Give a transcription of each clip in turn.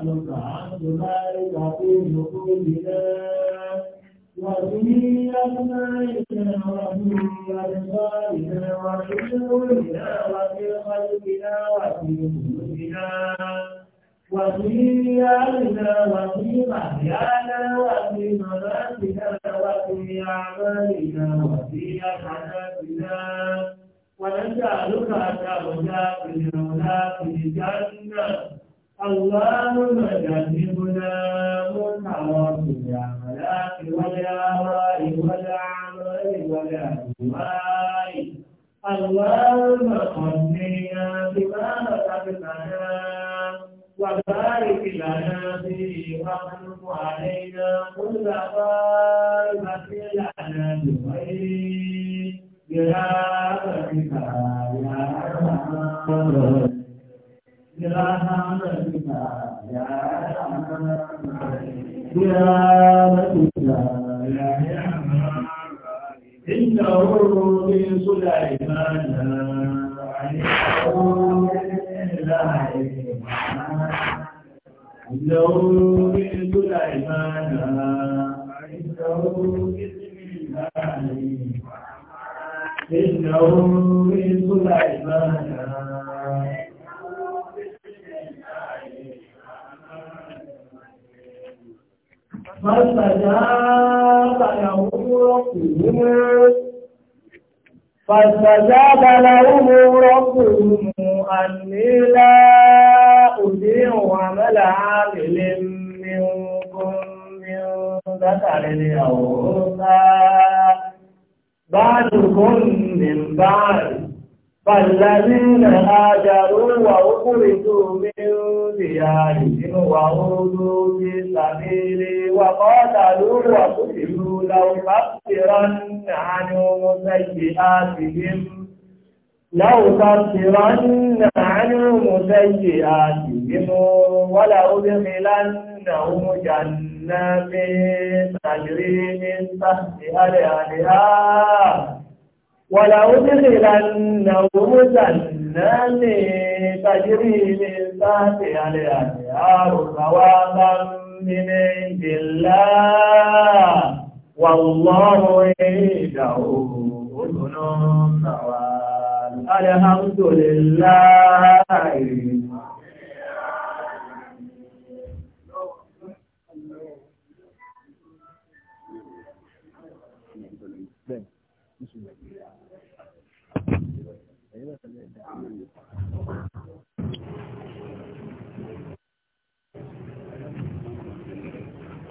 نسألك عن ذلك في نقودنا وفي أسمائنا وفي أبصارنا وفي قلوبنا وفي قلوبنا وفي أهلنا وفي محيانا وفي مناسنا وفي أعمالنا وفي حياتنا ونسألك أن ترجع في الأولاد الجنة اللهم جنبنا متواصلا ولا والآراء والأعمال والأهواء اللهم خلينا بما رزقتنا وبارك لنا فيه واخلف علينا كل غائبة لنا بخير برحمتك يا أرحم برحمتك يا أرحم الراحمين برحمتك يا أرحم الراحمين إنه من سليمان عليه إنه من سليمان إنه بسم الله إنه من سليمان فاستجاب لهم ربهم فاستجاب لهم ربهم أني لا أضيع عمل عامل منكم من ذكر أو أنثى بعدكم من بعد والذين هاجروا وأخرجوا من ديارهم وعودوا في سبيلي وقاتلوا وقتلوا لأكفرن عنهم سيئاتهم لأكفرن عنهم سيئاتهم ولأدخلنهم جنات تجري من تحتها الأنهار ولو دخلنهم جنات تجري من تحتها الأنهار ثوابا من عند الله والله عنده حسن الثواب الحمد لله Ìṣàlá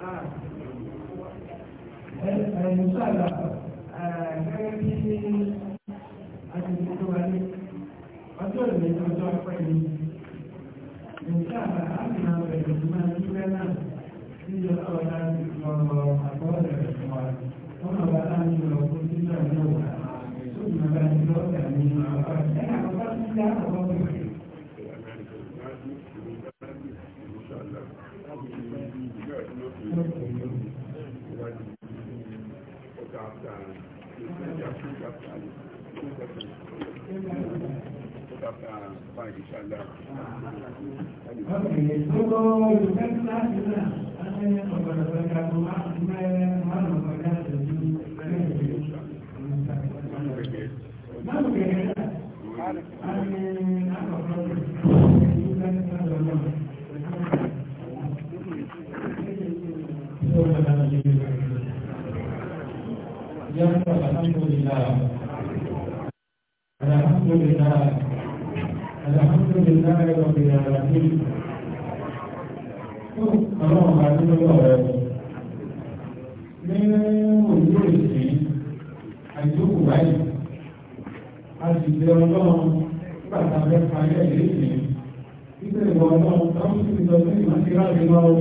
gẹ́gẹ́ Gracias. الحمد لله رب العالمين ọlọ́run bá dúró lọ́rọ̀ ẹ̀ ní òjú èsì àìjókòó báyìí a sì jẹ ọlọ́run nígbà tá a fẹ́ nígbà ìwọ ọlọ́run táwọn sì ti lọ sí ìrántí láti lọ o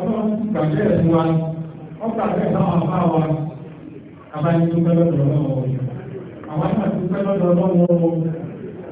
ọlọ́run ti gbàgbé ẹ̀ wa ó gbàgbé táwọn afá wa abáyé tó pẹ́ lọ́dọ̀ ọlọ́run àwọn àti pẹ́ lọ́dọ̀ ọlọ́run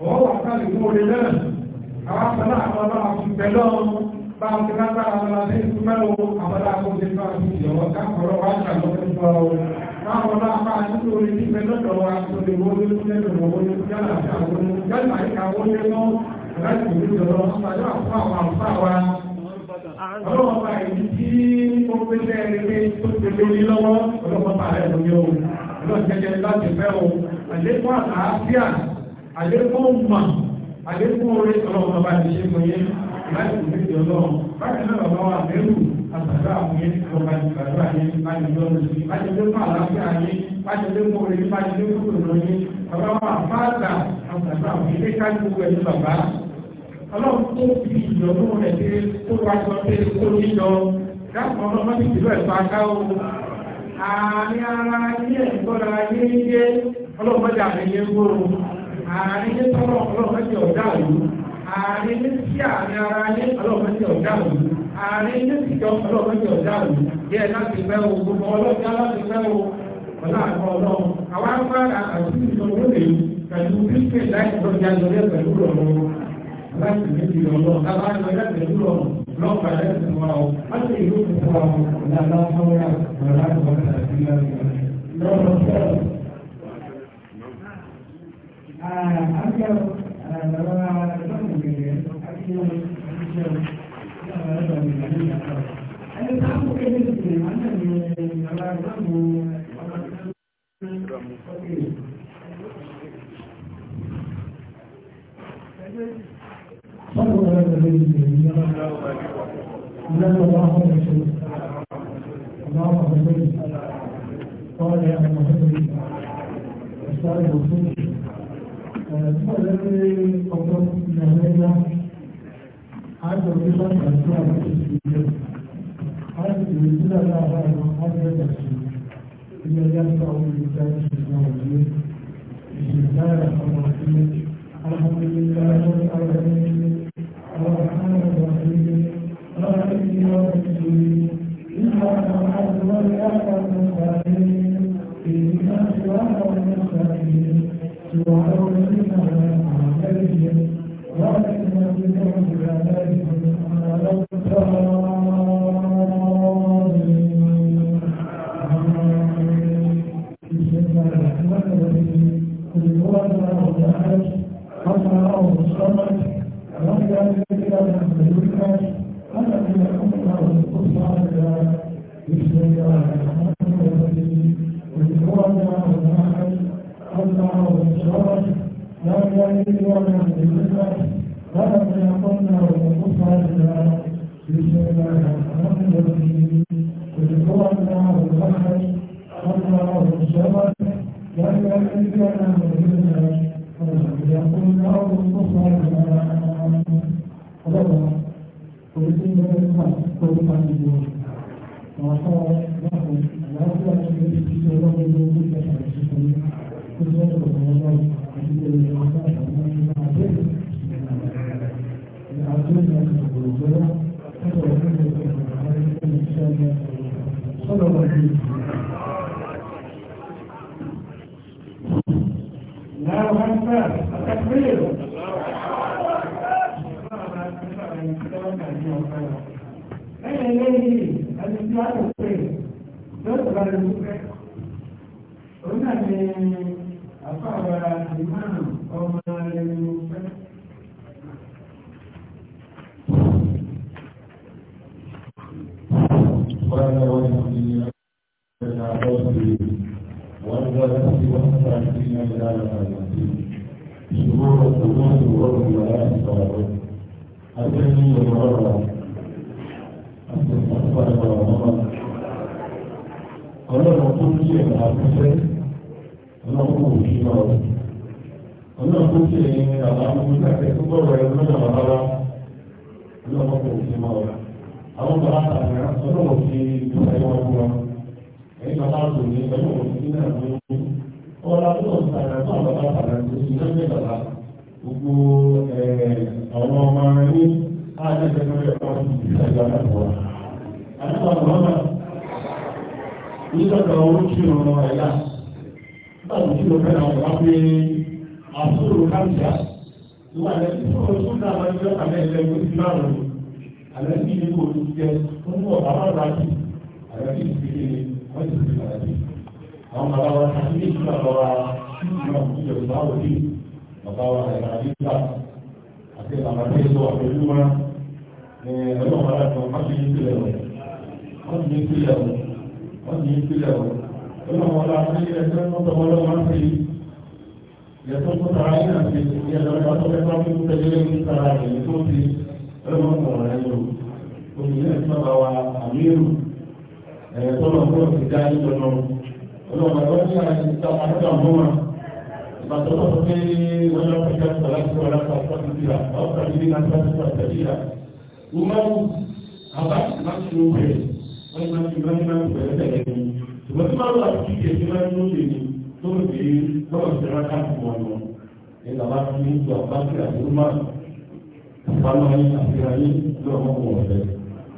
wọ́n wà sáàlì fún olè náà àwọn afẹ́lá àwọn náà fún pẹ̀lú bá ń tẹ́lá bá àwọn aláṣẹ ìlú mẹ́lò àwọn aláṣẹ ìlú máa fi ìyọ̀wọ́ káàkọ̀rọ̀ wá ṣàlọ́fẹ́ fún ọ láwọn náà máa ń tó orí nígbẹ́ lọ́dọ̀ wa tó lè wọ́n lórí lẹ́nu ìwọ̀n lórí yálà àti àwọn yálà àti àwọn ilé náà láti ìlú ìjọba ṣàjọ àfún àwọn àlùfáà wa ọlọ́wọ́ bá ìlú tí ó pé lẹ́ẹ̀rẹ́ tó ti lórí lọ́wọ́ ọlọ́wọ́ bá rẹ̀ lórí o ọlọ́jẹjẹ láti fẹ́ o àlékún àlàáfíà àlékún mà àlékún orí ọlọ́run bàbá ti ṣe fún yẹn láti kò ní ìjọ lọ́wọ́ báyìí náà bàbá wa lẹ́rù àtàdá àwọn yẹn ọba ìgbàdúrà yẹn láti yọ lọ sí láti lé fún àlàáfíà yẹn láti lé fún orí láti lé fún òdòdó yẹn bàbá wa fáàdà àtàdá àwọn ilé kájú ẹni bàbá ọlọ́run tó fi ìjọ̀nú rẹ̀ dé tó wá sọ pé kó níjọ dáàbò ọlọ́run àárín ara ilé ẹ̀kọ́ ara ilé ń gé ọlọ́run mọ́jà àti ilé ààrin ní tọ́lọ̀ ọlọ́pàá ti ọ̀dá òun ààrin ní sí àárín ara ní ọlọ́pàá ọ̀dá òun ààrin ní ìjọ ọ̀dá òun yẹ láti fẹ́ o gbogbo ọlọ́pàá láti fẹ́ o ọ̀la àkọ́ ọlọ́run àwọn afárá àti ìṣòwòlè pẹ̀lú bísí láì lọ́jà lọ́lẹ́ pẹ̀lú ọ̀rọ̀ láti méjì lọ́lọ́ lábá lọ́lẹ́ pẹ̀lú ọ̀rọ̀ lọ́pàá lẹ́sìn قال يا محمد الصالح الصوفي nígbà tó ṣe ọ̀pọ̀ ìyàlẹ́yà àjọ tó bá tàbí àwọn òṣèlú àti ìwé tí dáadáa bá àwọn àjọyọ̀ sí ilé ẹjọ́ àwọn olùdarí ṣùgbọ́n òye ìṣèlú dára àwọn ọmọ ìlú ونفسي ونفسي عن سيدنا جلال العالمين شرور الظلمات ورب الولايات والرب أتاني المرة أنت تقبل رمضان قال المقول لي أن أعرفك أنا أقول في مرض أنا أقول لي أن أعرفك أكتبر ويمنى مرة أنا أقول في مرض أنا أقول أنا أقول في مرض أنا أقول في مرض ọlá tó ń sàrẹ̀ fún àwọn bàbá sàrẹ̀ tó ti lọ́jọ́ bàbá gbogbo àwọn ọmọ rẹ̀ ní àjẹsẹ̀ lórí ẹ̀kọ́ ìṣẹ̀lẹ̀ àtàkùn wa. àtàkùn àwọn ọmọ nígbàgbọ́ oríṣi ọ̀nà ẹ̀yà báwo tí o fẹ́ràn ọ̀gá pé àbúrò káńtà ìwà rẹ̀ tí o tún náà máa ń jọ àmì ẹ̀jẹ̀ ló ti máa àlẹ́ kí ni kò ní jẹ́ fún ọ̀gá máa rà àlẹ́ kí ní àwọn bàbá wa ti ní ìgbà bàbá ìgbà ìjọba òbí bàbá wa ẹ̀ka nígbà àti bàbá tí ó wà pẹ̀lú wa ní ẹ̀rọ wà láti wọn máṣe ní sílẹ̀ wọn wọ́n ti ní sílẹ̀ wọn wọ́n ti ní sílẹ̀ wọn ẹ̀rọ wà láti ní ẹgbẹ́ mọ́tò wọn lọ́wọ́ ń pè é yẹtọ́ tó tara yín àti ìyẹn lọ́wọ́ tó fẹ́ fún mi tẹ́lẹ̀ ní tara ẹ̀yìn tó ti ẹ̀rọ wọn kọ̀ ọ̀rẹ́ lò òmìnira ìfọ̀bà wa àmì olùwàgbọ́ ní àìsíta àdúgbà mọ́wà ìbàtọ́ tó tó pé wọ́n yọ pé ká sọ̀rọ̀ láti wọ́n láti ọ̀pọ̀ tó tìlà àwọn kan níbi náà tó tó tẹ̀lé yà. Umaru àbá máa ti wọ́n bẹ̀rẹ̀ wọ́n máa ti wọ́n máa ti bẹ̀rẹ̀ tẹ̀lé ní. Ṣùgbọ́n tí máa wà kí kìí ṣe máa ń lò lè ní tó ń pè é lọ́wọ́ ìṣẹ̀rá káàkiri wọn lọ. Ẹ bàbá ti ní ju àbá sí àti Umaru. Ìpanu ayé àti ayé lọ́wọ́ wọn bẹ̀rẹ̀.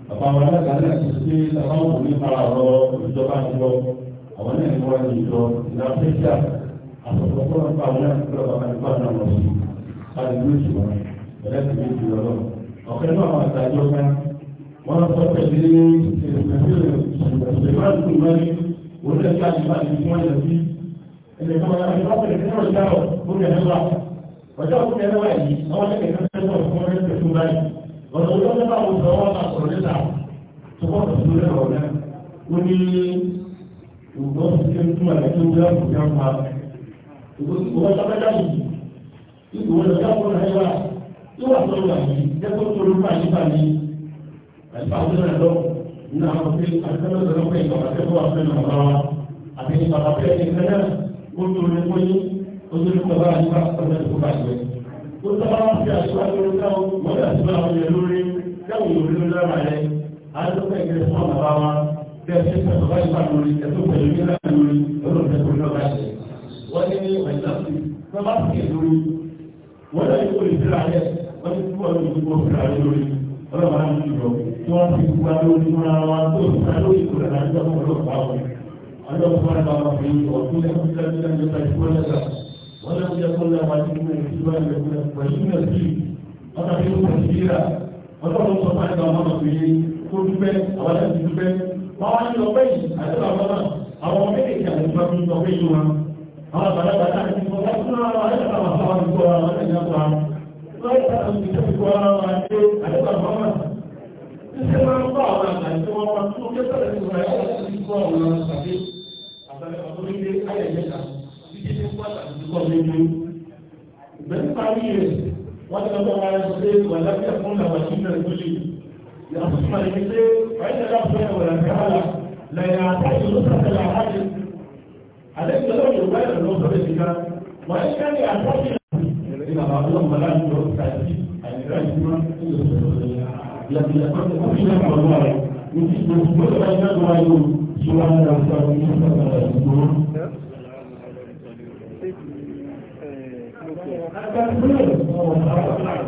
Bàbá wọn alága náà ti ṣe àwọn òní àwọn náà ń wá ìjọ ìlà pẹ́ṣà àtọ̀tọ̀ fún ọ̀pá àwọn náà ń lọ náà lọ sí àdúgbò ìṣòro ẹ̀rẹ́ ti méjì lọ́lọ́ ọ̀kẹ́ náà máa dájọ́ ká wọ́n sọ pẹ̀lú ìṣèlú ọjọ́ òkú ẹ̀rọ ẹ̀yìn àwọn ẹgbẹ̀rún ẹgbẹ̀rún ọ̀fún ọ̀rẹ́ pẹ̀lú báyìí ọ̀dọ̀ ọjọ́ mẹ́ta òun sọ wọ́n máa sọ̀rọ̀ níta tó wọ́n sọ̀rọ̀ lẹ́rọ̀ náà ó ní ṣùgbọ́n ṣe ń túmọ̀ ní ìwé ọ̀pọ̀ ìjọba ìwọ́n tó bẹ́ẹ̀ dáhùn ìwọ́n tó dáhùn náà yẹ wá yóò wà sọ́dọ̀ àyè tó ló fà yípa ní àìsàn náà lọ nínú àwọn ọ̀sẹ̀ àtẹ́lẹ̀ tó lọ́pẹ́ ìjọba àtẹ́lẹ̀ wà fẹ́ náà wá àti bàbá bẹ́ẹ̀ ní ìfẹ́ náà ó tó lè kó ó tó lè kó bá tó bá yẹ. ó sábà ń fi àṣìwá lórí káwọn mọ́tà sí àwọn ọ̀yẹ́ lórí káwọn òbí lórí lára rẹ̀ á lọ́pẹ́ bẹ́ẹ̀ ṣe pẹ̀lú báyìí bá lórí ẹ̀tọ́ pẹ̀lú bí láti lórí ọdún pẹ̀lú náà láti wọ́n ní ní ọ̀ìsàkì tó bá sì lórí wọ́n lọ yóò lè fira rẹ̀ wọ́n ti túbọ̀ lórí gbogbo fira rẹ̀ lórí ọlọ́wà á ti lọ tí wọ́n ti gbogbo lórí fún ara wa tó ìfura lórí ìkó rẹ̀ láti ọkọ̀ ọlọ́pàá wọn. ọjọ́ fún ara wa fi ọdún lẹ́kọ̀ọ́ lẹ́kọ̀ọ́ lẹ́kọ̀ọ́ lẹ́kọ̀ọ́ lẹ́kọ̀ọ́ lẹ́kọ̀ọ́ lẹ́kọ̀ọ́ lẹ́kọ̀ọ́ lẹ́kọ̀ọ́ wọ́n wá ní ọgbẹ́ yìí àti bàbá náà àwọn ọmọ méjèèjì àti bàbá mi ní ọgbẹ́ yìí wọn. àwọn àgbàlagbà náà ti sọ wọ́n fún ara wọn lẹ́yìn àwọn àwọn àdúgbò ara wọn lẹ́yìn àwọn àwọn lọ́yìn àwọn ìdíjẹ́bìkọ ara wọn àti àdúgbò àwọn ọmọ Ṣé máa ń bá àwọn àgbà tí wọ́n máa tún kẹ́sọ̀rọ̀ ìwà ẹ̀yà láti fi kọ́ àwọn ọmọ ìpàdé àtàlẹ́kọ̀ọ́ tó ń gbé ayẹyẹ Ìgbẹ́ni parí rẹ̀, wọ́n ti lọ́gbọ́n wa ẹ̀ sọ pé wà lábẹ́ fún àwọn ìṣúná ìgbóṣèlú. يصح الإسلام فإن الأخير ولا تعالى لا يعتقد نصرة العقل عليك لو يبالغ النصرة الإسلام وإن كان يعتقد إلى اللهم لا يجوز تعزيز الإسلام لكن يقول كل شيء والله يجب كل ما يجب ويقول سبحان الله ويقول Thank you.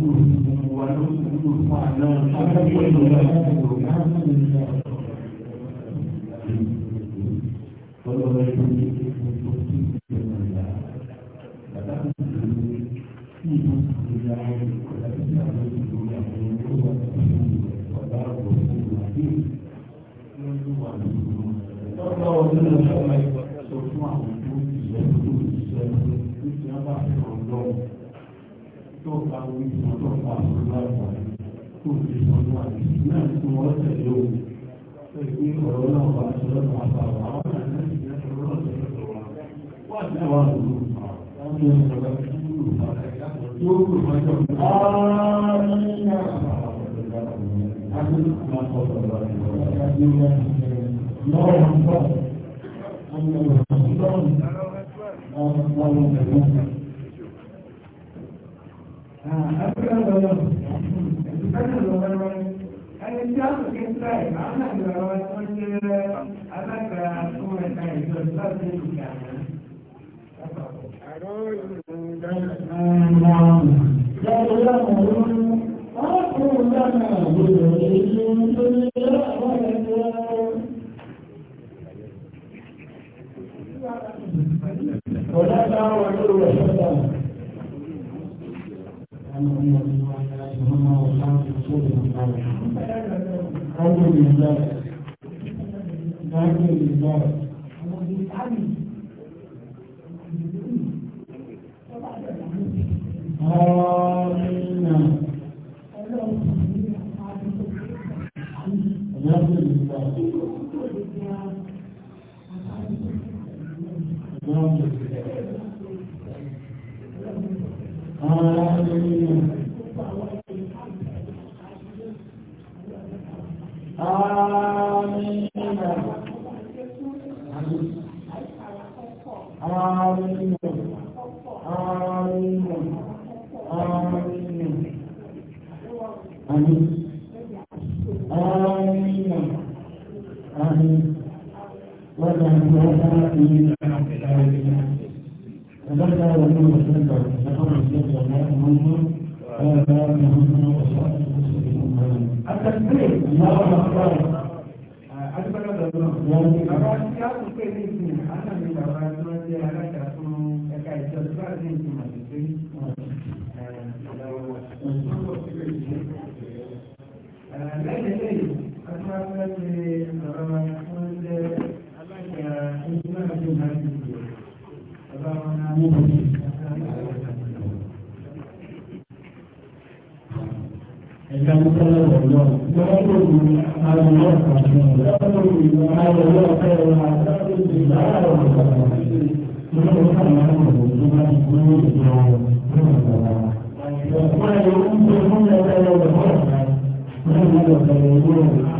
wúlò fún wa ló wúlò fún àná. kó lè sọ̀rọ̀ àti náà tí wọ́n tẹ̀lé òun pé ọ̀rọ̀ náà wà sọ̀rọ̀ náà bá wà wọ́n náà náà ti jẹ́ sọ̀rọ̀ náà tẹ̀lé wa wọ́n náà wà lóru wọ́n ní ọ̀rọ̀ yóò kó ìfọ́jọ́ Ah, I forgot about that tí a kò kí ń tẹ́ ẹ̀ máa ń nàgbà ọ̀rọ̀ tó ń jẹ́ alága fún ẹ̀ka ìjọ láti ìgbà Àwọn olùdámọ̀ ọ̀rọ̀ Àmín. Àmín. Àmín. Àmín. Àmín. Àmín. وَلَنْ يَوْمَ فِي الْعَالَمِينَ فَذَكَرَ وَمَنْ وَسَلَّمَ ذَكَرَ الْجَنَّةَ وَمَنْ التكبير الله أكبر أكبر الله أكبر fẹ́ ṣe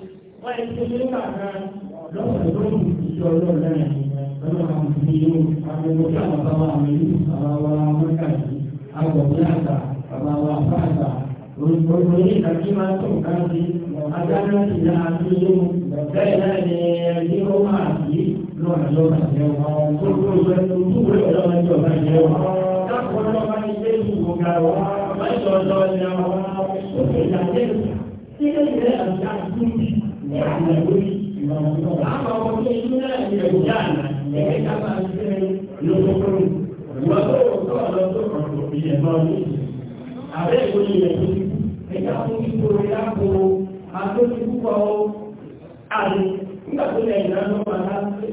wọ́n yẹ Àwọn ọmọ tó ń lé ní ẹ̀rù yára, ẹ̀rẹ́ ká máa ń gbé lókòkòrò. Ìwọ́n tó rọ̀ tó ọ̀dọ́ tó kàn tó fi ẹ̀ máa ní. Àbẹ́ ìwé ilẹ̀ tó ti kú, ẹ̀ka fún kíkó rẹ̀ lápò àtúntí púpọ̀ ó. Àlè, nígbà tó lẹ̀ ìdáná wà láti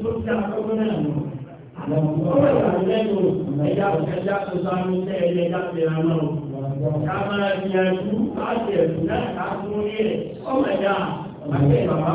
pàdé bàbá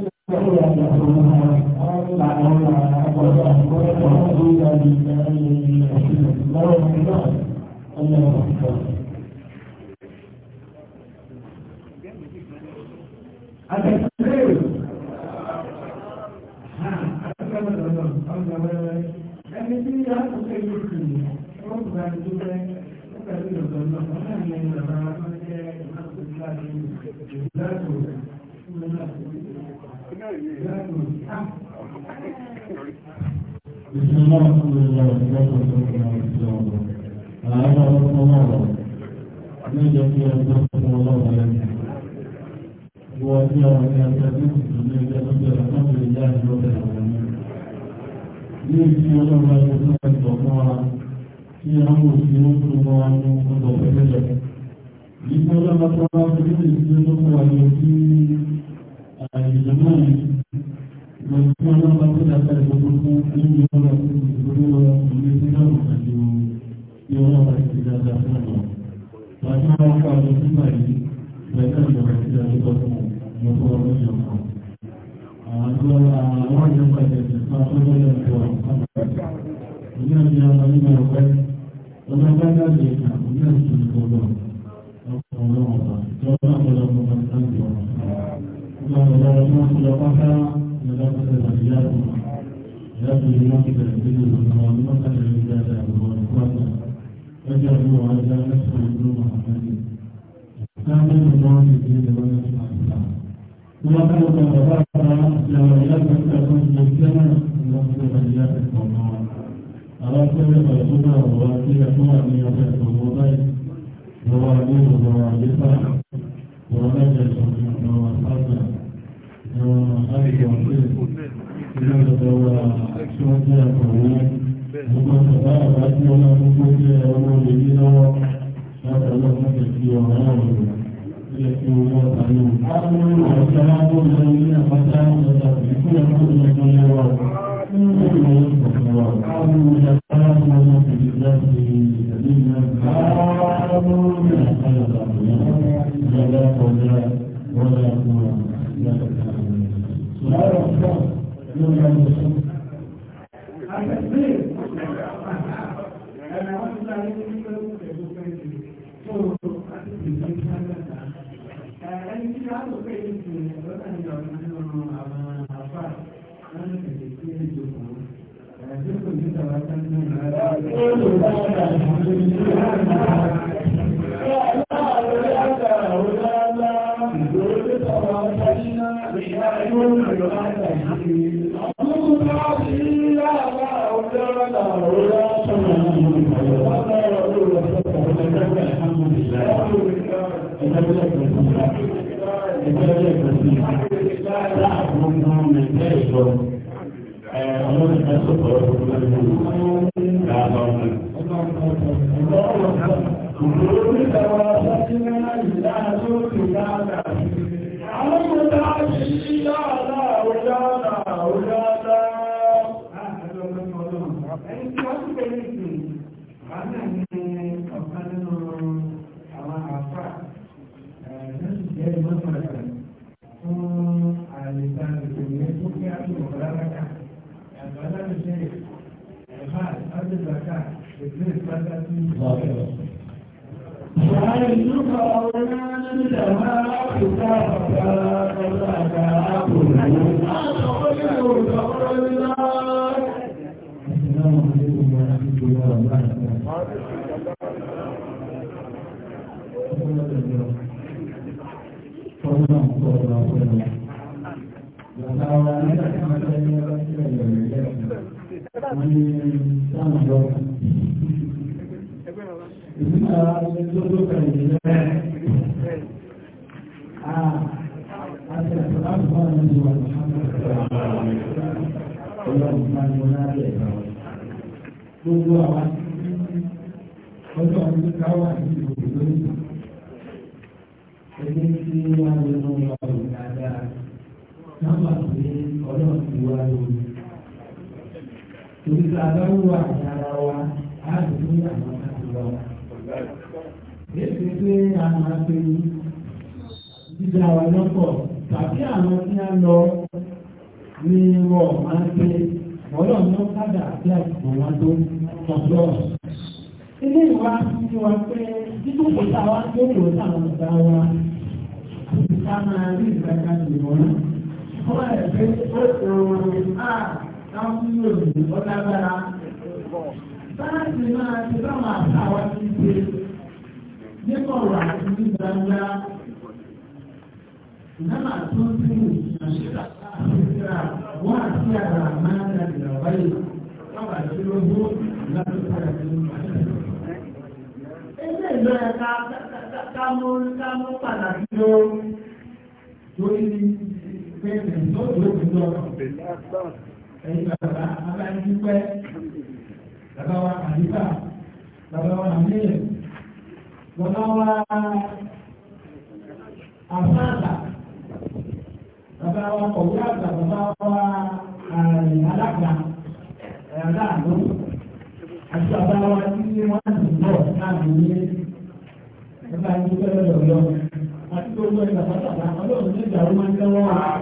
الله أكبر التكبير بسم الله الرحمن الرحيم àárọ̀ ọ̀pọ̀ ọ̀rọ̀ níjọ bí ọjọ́ fún ọlọ́run rẹ̀. Ìwọ tí ọ̀rọ̀ ní ọjọ́ tí kò tún ní ẹgbẹ́ tó bẹ̀rẹ̀ fún ìlú ìyá ìlú bẹ̀rẹ̀ wọn ni. Ní ìdí ọlọ́run rẹ̀ tó fẹ́ sọ fún wa tí a ń sí ó tó mọ́ wa ní ọjọ́ pẹ̀lẹ́ lọ. ọlọ́run tó wá fún ìlú ìdí tó fún wa lọ sí àìsàn náà ni. Ìgbà tí ọlọ́run tí ìjọba ti dáadáa lọ́pọ̀ fún ọmọ tó ọdún yọ̀ kan. Àwọn àwọn ìjọ pàṣẹ ti fún akọ́jọ́ yọ̀ tó wà fún àgbà. Ìyá mi ọmọ nígbà ọ̀pẹ́, ọmọ bá dáàbò ìgbà ìyá ìṣù ìgbọ̀gbọ̀. Ọkùnrin ọlọ́run ọ̀pá, ìjọba ọ̀pọ̀lọpọ̀ ọmọ ìsáǹdì ọ̀rọ̀. Ìgbà ọ̀pọ̀lọpọ̀ ọmọ ìjọba fẹ́ ìjọba pẹ̀lú ìyá ìyá ìyá ìyá ìyá ìyá أجره وأجر نفسه بدون محمد كامل الله في الدين ونفسه وقد تبرأ لو لم تكن ممكنا نصرف إياك القرآن أرسل رسولا ووكيلا أن يفهم بيت وواليه ووالده ونجد من وصلنا ومن خير وصيب إلى الدولة شهداء قرآن Gracias. 嗯。大家的，ṣe ẹ̀fà àdìgbàkà ètò ìpàdà sí ìgbàlẹ̀. Wàhálà ìlú kan ọ̀rọ̀ náà ní ìjàmbá Áfíríkà ọ̀gá ọ̀gá àgbà Áfíríkà. Àtọ̀kọ́ ní òòrùn ọ̀rọ̀ nílá. Ìsìlámù ní ìgbà àti ìgbà ọ̀gá àgbà. Thank you wọ́n ní sáwọn ìjọ ìdí náà ṣe tó tó kàn yìí lẹ́yìn àti àtàlámù wọn ní ìwà ọlọ́run máa ń wọlé àbẹ̀ gbogbo àwọn ọjọ́ ọdún káwà ní ìlú lórí ẹni tí wọ́n lè mú ọ̀rọ̀ dáadáa náà wà pé ọlọ́run ti wá lórí torí pé aláwọ̀ àti ara wa á lè ní àwọn àti lọ. Èsì pé a máa pe jíjà wa lọ́pọ̀ tàbí àwọn tí a lọ ní wọ̀ máa pe ọlọ́run ló kádà àti àtìkò wọn tó tọ̀dọ̀. Ilé ìwà ti wá pé títún kò tá tó kò tá ọ̀gá wa ká máa rí ìgbàgbọ́ ìwọ̀n. Wọ́n rẹ̀ pé ó ti rọrùn áà. Ah! káfíńsì òyìnbó ọ̀dàgbára sáyẹ́ǹsì máa ti báwọn àtàwà ti ṣe nípa ọ̀rọ̀ àti ní gbangba ìnáwó tó ń tún ìṣẹ̀lẹ̀ àṣìṣẹ́ra wọ́n àti àrà máa ń ra ìràwá yìí lọ́wọ́ àti lógún láti sára ní ìgbàlódé. ẹgbẹ́ ìlú ẹ̀ ká ká mú ká mú pàtàkì ló pẹ̀lú tó dùn ẹ̀yin bàbá bàbá ń dúpẹ́ bàbá wa àdìbà bàbá wa àmìlẹ̀ bàbá wa àfáàgbà bàbá wa kọ̀wé àgbà bàbá wa alága aláàlú àti bàbá wa tí wọ́n ti bọ̀ láàbí ní bàbá ń dúpẹ́ lọ́dọ̀ àti gbogbo ìgbà bàbá ọlọ́run ní ìgbà wọn máa ń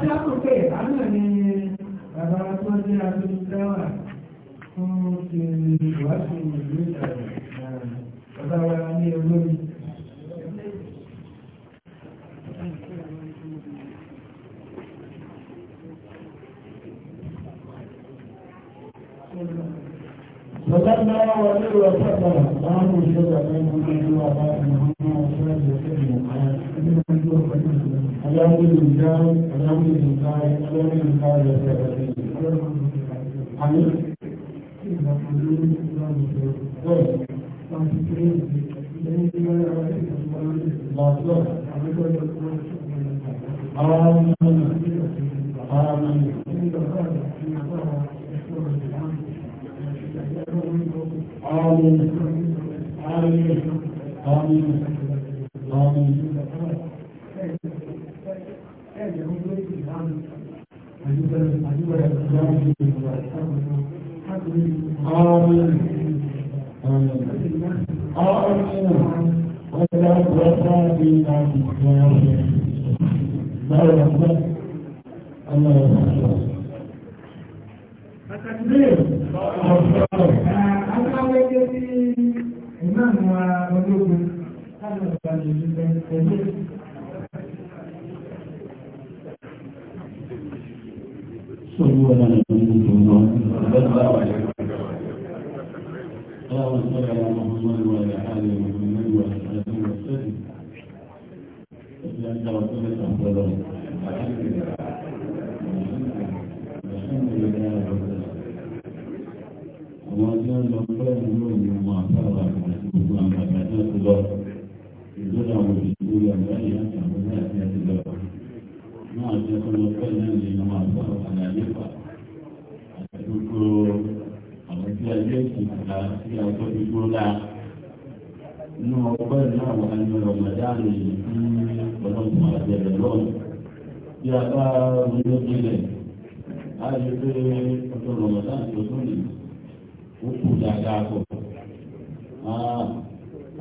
tí a ni bàbá tó ní abẹ́lẹ́wà fún ṣe ìwádìí ìlú ìtàgé bàbá ní olórí. Bàbá wà ní ìwà sábà láàrín ìṣẹ́jà pẹ̀lú ìlú àbáyé. الحمد لله الحمد لله الحمد لله آمين آمين آمين آمين آمين آمين ولا تقع بنا بالظالمين لا يحمد الله يحفظه التكبير أنا وجدي إمام ومدوب هذا الرجل صلوا على نبينا محمد اللهم صل على محمد وعلى ال محمد واصحابه وسلم انت رسولك افضل الحمد لله رب العالمين وما كان غفلا لهم مما فرغ من الله فلا تقدر يزرع ويقول ان لا يفهم ذلك náà jẹ́ kó lọ pẹ́ náà lè mọ àgbọ̀rọ̀ àlàyé pa àdúgbò àwọn tí a yẹ ìsìnkà tí a tó fi gbó la inú ọgbẹ́ náà wà ní rọ̀mọ̀dáàlì yìí tí ọlọ́run àjẹrẹ lọ́nà tí a bá ronú jinlẹ̀ a yẹ pé ọjọ́ rọ̀mọ̀dáàlì tó tún lè ó kù dáadáa pọ̀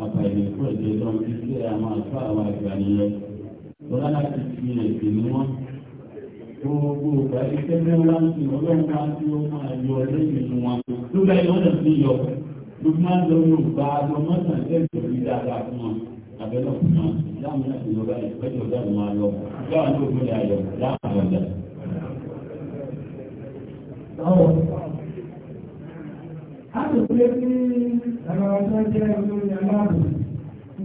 àpàyẹ̀ fún ẹ̀jẹ̀ lọ́nà tí a máa àwọn àgbà nìyẹn lọ́la láti fi ẹ̀sìn ní wọn. Gbogbo ìgbà iṣẹ́ mẹ́wàá ń sìn ọlọ́run máa tí ó máa yọ lẹ́yìn inú wọn. Lúgbà yìí wọ́n tẹ̀sí yọ. Gbogbo máa ń lọ Yorùbá lọ mọ́sàn ẹ̀sìn orí dáadáa fún wọn. Abẹ́lẹ̀ fún wọn. Láwọn náà ti yọba ìpẹ́jọ dáàbò máa lọ. Láwọn ló gbé ayọ̀ láwọn ọ̀dà. Láwọn. A lè pé kí àwọn ọjọ́ jẹ́ olórí aláàbò.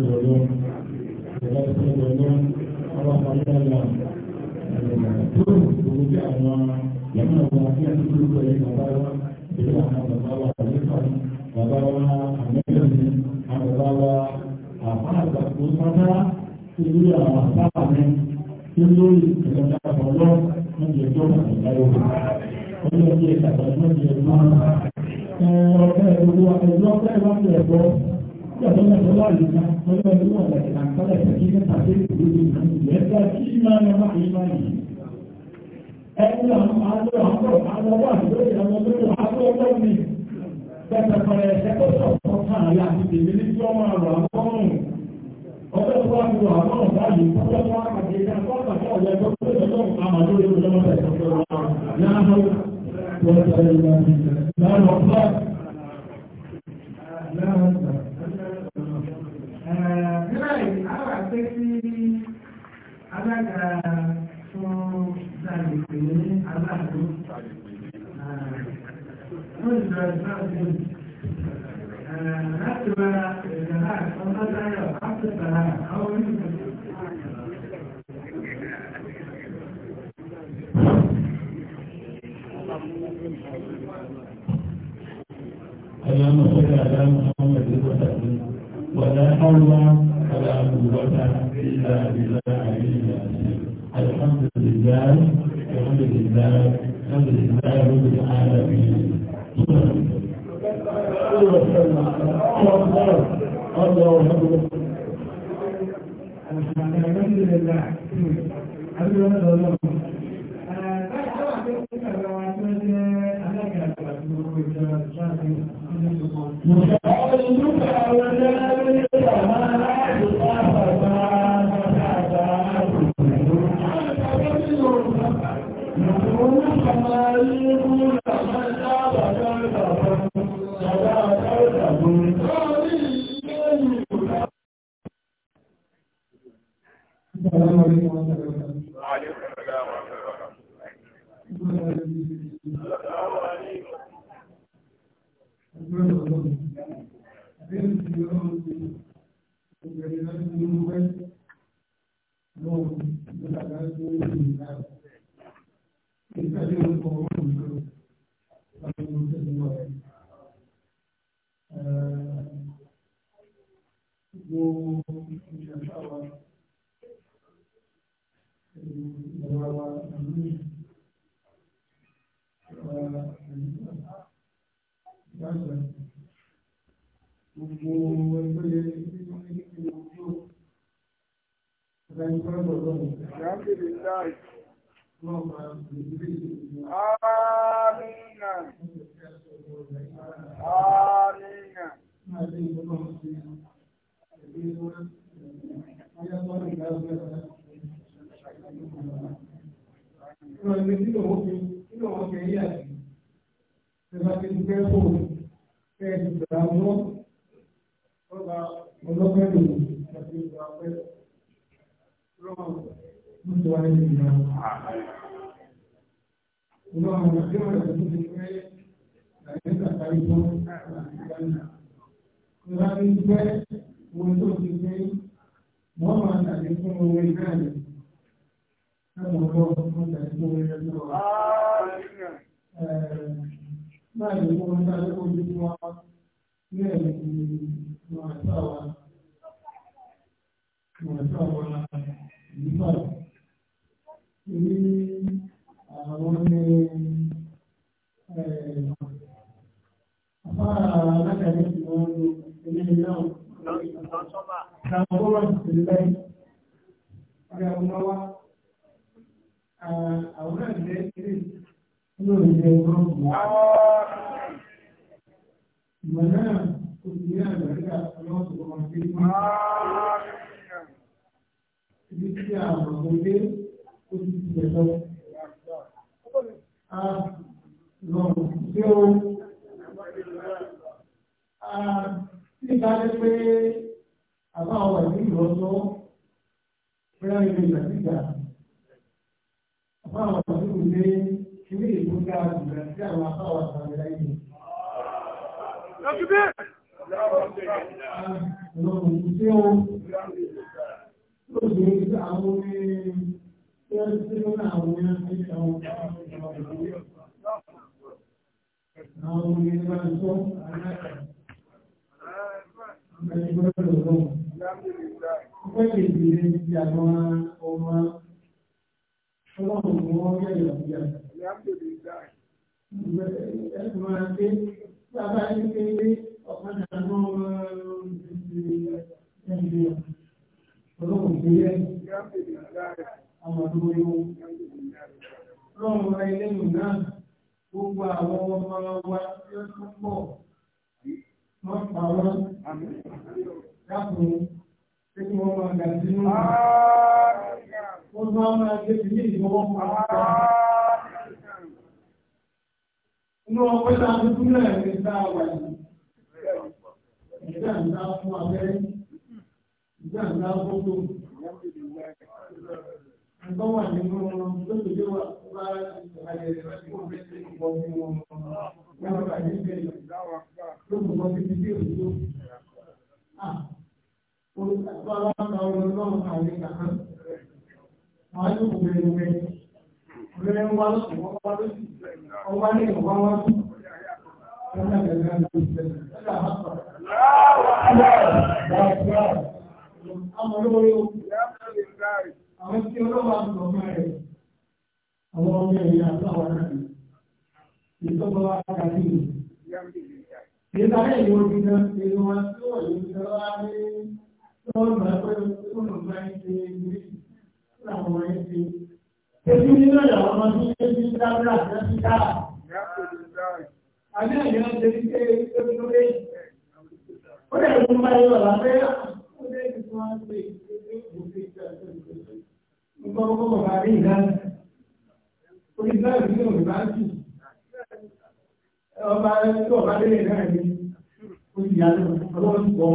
العلوم وزارة العلوم اللهم صل على وجاء ما يمنع الوافية في كل كلية مباركة بلا أن تطاوى خليفة وضاوى أمير وضاوى أفعاد خصوصا في أصحاب في كلية الله من يجوم الغيوب من يجوم الغيوب من يجوم الغيوب 要从那头那里呢，从那个落来呢，他在北京跟打这个土地呢，也在西南的那一方里。哎，这行拿这行做，拿着万多的，我们拿做动力。但是后来才都说，我看呀，你这个你说嘛，老公，我这说是老公，他有他这说他这样，光把叫人都不能动，他嘛就有这么在说说，然后我这个，然后他，然后。nígbà yìí a wà pé kí alága fún ìdàgbèsè ní aláàbò wọ́n ti sọ ìgbàgbé láti wá ìjọba ọmọdáyọ̀ áfíríkà àwọn onígbàgbé. اللهم صل على محمد وسلم ولا حول ولا قوة إلا بالله العلي العظيم الحمد لله الحمد لله الحمد لله رب العالمين الله أكبر الحمد لله الحمد لله Muchas gracias. السلام عليكم ورحمة الله وعليكم السلام ورحمة الله Gbogbo ẹgbẹ́ yẹn ní ojú ọ̀rẹ́ ìgbẹ́ ọ̀rọ̀ ìgbẹ́. Àmìnà. Àmìnà. Àmìnà nínú ẹgbẹ́ nínú òfin nínú ọ̀kẹ́ yìí àti ìjọba ti fẹ́ fòrò fẹ́ ìgbà wọn ọba ọlọ́pẹ́ lò àti ìgbà pẹ́ lọ́wọ́ ń tọ́ ẹ nìyà. Ìlú àwọn ọ̀dọ́ ìwọ̀n ẹ̀sìn ti fẹ́ láyé sàkárí fún àgbàlagbà. Ìlú àwọn ìfẹ́ wọn tó ti fẹ́ wọ́n máa tàbí fún owó ìgbà yìí. Náà ni wọ́n ń dá lóko ojú wa ní ẹ̀yìn wọn àtàwà wọn àtàwà nípa ní àwọn ní afárá alákàtà tí wọ́n ń lo ilé náà. Lọ́sọ́bà. Lọ́sọ́bà ti lẹ́yìn. Ọ̀rẹ́ ọmọ wa àwòrán ilẹ̀ ilé inú ilẹ̀ ọlọ́run ìmọ̀ náà kò sí ní àgbàríkà ọlọ́run a mọ̀ tó dé ó a lọ sí o a nígbà pé àbáwọ̀ ìlú báwọn ìlú ilé ilé ìlú ga jùlọ sí àwọn afáwà sàrẹ lẹ́yìn. Lọ́kídé! Lọ́kùn tí ó lóde àwọn omi tí ó ti ló ní àwọn omi láti ṣe àwọn ọmọdé. Àwọn omi ní wọ́n ti tó aláìsàn. Ọmọdé gbọ́dọ̀ lọ́wọ́. Ó fẹ́ lè dìde ti àwọn ọmọ ọlọ́run ni wọ́n yẹ ìyàwó ẹ̀sùn máa ṣe tí a bá ní pé ọ̀kan ìdáná ẹ̀yìn ọlọ́run ti Kí wọ́n máa gà sí inú rẹ̀. Ah. Wọ́n máa ní ìgbọ́wọ́ máa gbà. Inú ọgbẹ́ ta ti kú náà ní sáà wà yìí. Ìjà ńlá fún abẹ́rẹ́. Ìjà ńlá fótó. Nǹkan wà nínú lóṣèlú wà bá ayẹyẹ rẹ̀ kó bẹ́ẹ̀ sí ìwọ̀n ní wọn. Wọ́n bá yí bẹ́ẹ̀ lọ́wọ́. Lóṣèlú wọn ti fi dé òṣèlú. Ah olùkọ́ ọlọ́run ọlọ́run ń wá lọ́sùn wọ́n wá lọ́sùn ọwọ́ wá lọ́sùn ọ̀rẹ́ ìjọba ní lọ́wọ́ ìgbà pé ọmọ tí ó ti ń dábìlà tí wọ́n ti dá. Àbí ń ṣe pé ó ti lóye. Ó lè fún bá yọ ọ̀la pé ó lè fi fún wọn ṣe ìṣe ìṣe ìṣe ìṣe. Nǹkan kókó kò bá rí ìdáná. Onígbà yóò ní òní bá ń jù. Ọba tí ọba lè rìn náà ni ó ti yá ti bọ̀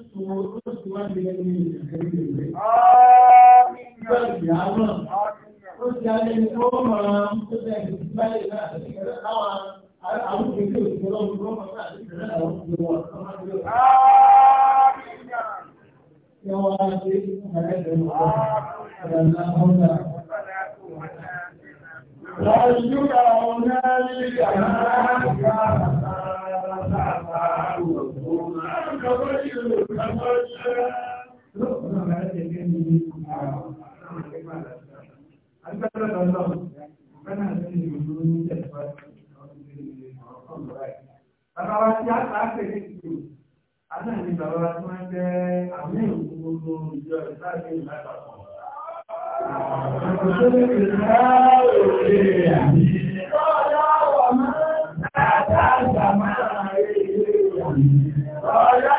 Ọ̀yá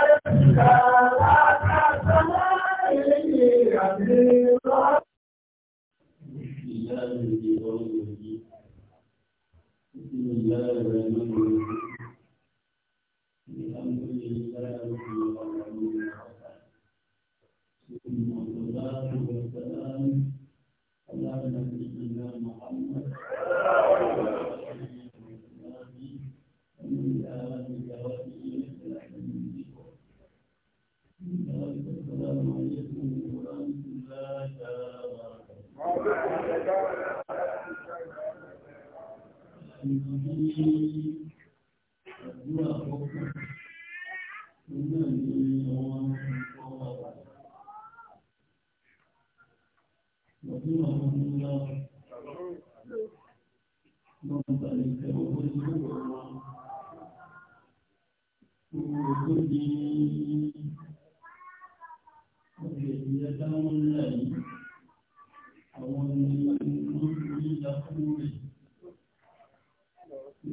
الرجيم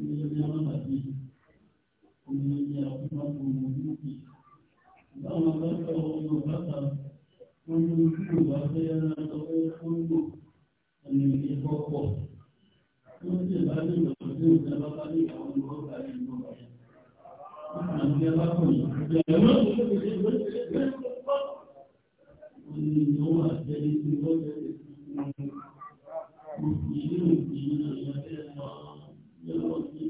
ní ọlọ́pàá ọmọ ìlúkì báwọn akọ́kọ́ ọmọ bàbá wọn wá fẹ́ yára lọ́wọ́ kóńgò ẹni ìdíkọ́ wọ́n sì bá lè lọ ìjọba bá lè àwọn olùkọ́gbà ìlú ọ̀yà àti alákùnrin ìjọba ìjọba ìjọba ìjọba ìjọba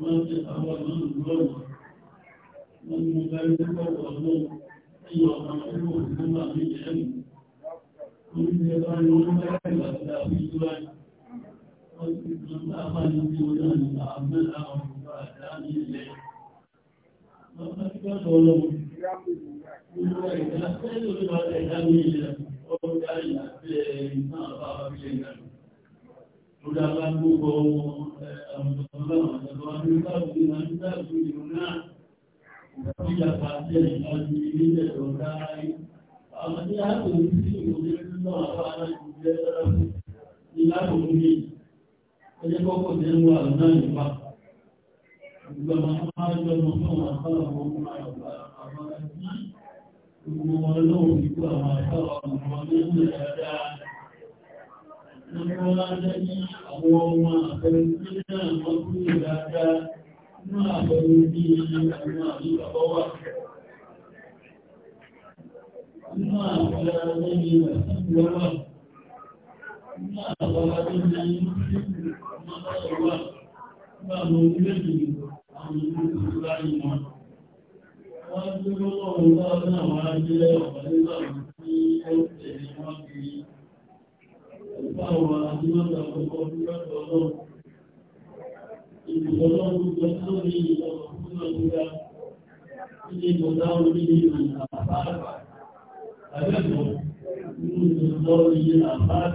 wọ́n ti àwọn ìlú lọ́wọ́ wọ́n mú bẹ́rẹ̀ tí wọ́n wọ́n lọ́wọ́ tí wọ́n máa ń mú ìlú máa ní ẹ̀mù wọ́n ti ẹ̀bá ní wọ́n bẹ́rẹ̀ láti àbí ìjọba wọ́n ti fi ń bá ní mudah-mudahan buku tidak pasti lagi ini terdorai. Amat ya tuh sih mungkin itu apa ada juga dalam ilah mungkin. Jadi kok kok dia buat nanti pak. Juga mama juga mama apa mama apa apa kan. Mama lo juga mama apa mama ada Àwọn ọmọ àfẹ́rí ní àwọn ọkùnrin dáadáa ní àfẹ́rí ní àwọn àríkọ̀ wà. Nínú àfẹ́rí ní ìwọ̀n wà. Nínú àfẹ́rí ní ìwọ̀n wà. Nígbà mọ̀ orílẹ̀-èdè àwọn ìlú láyé wọn. Wọ́n tí ó lọ́wọ́ به ورسول الهدى إني مدار به من أخاف أبدو إني مدار به من أخاف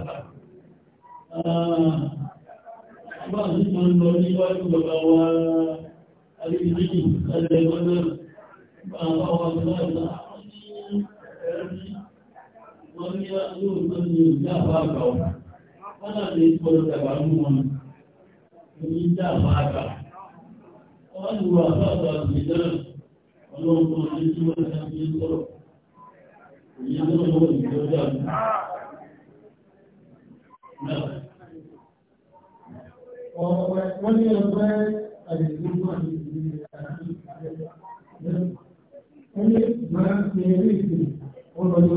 Àwọn àjíkà ń lọ níwájú bàbá wa alìsíkì ẹgbẹ̀gbọ́n náà, bàbá wa bàbá àwọn ní ẹ̀rí wọ́n ní àlóòtọ́ ni ìjábá àgbà wọn. Wọ́n náà lè pọ̀lọ̀ قالوا ọmọ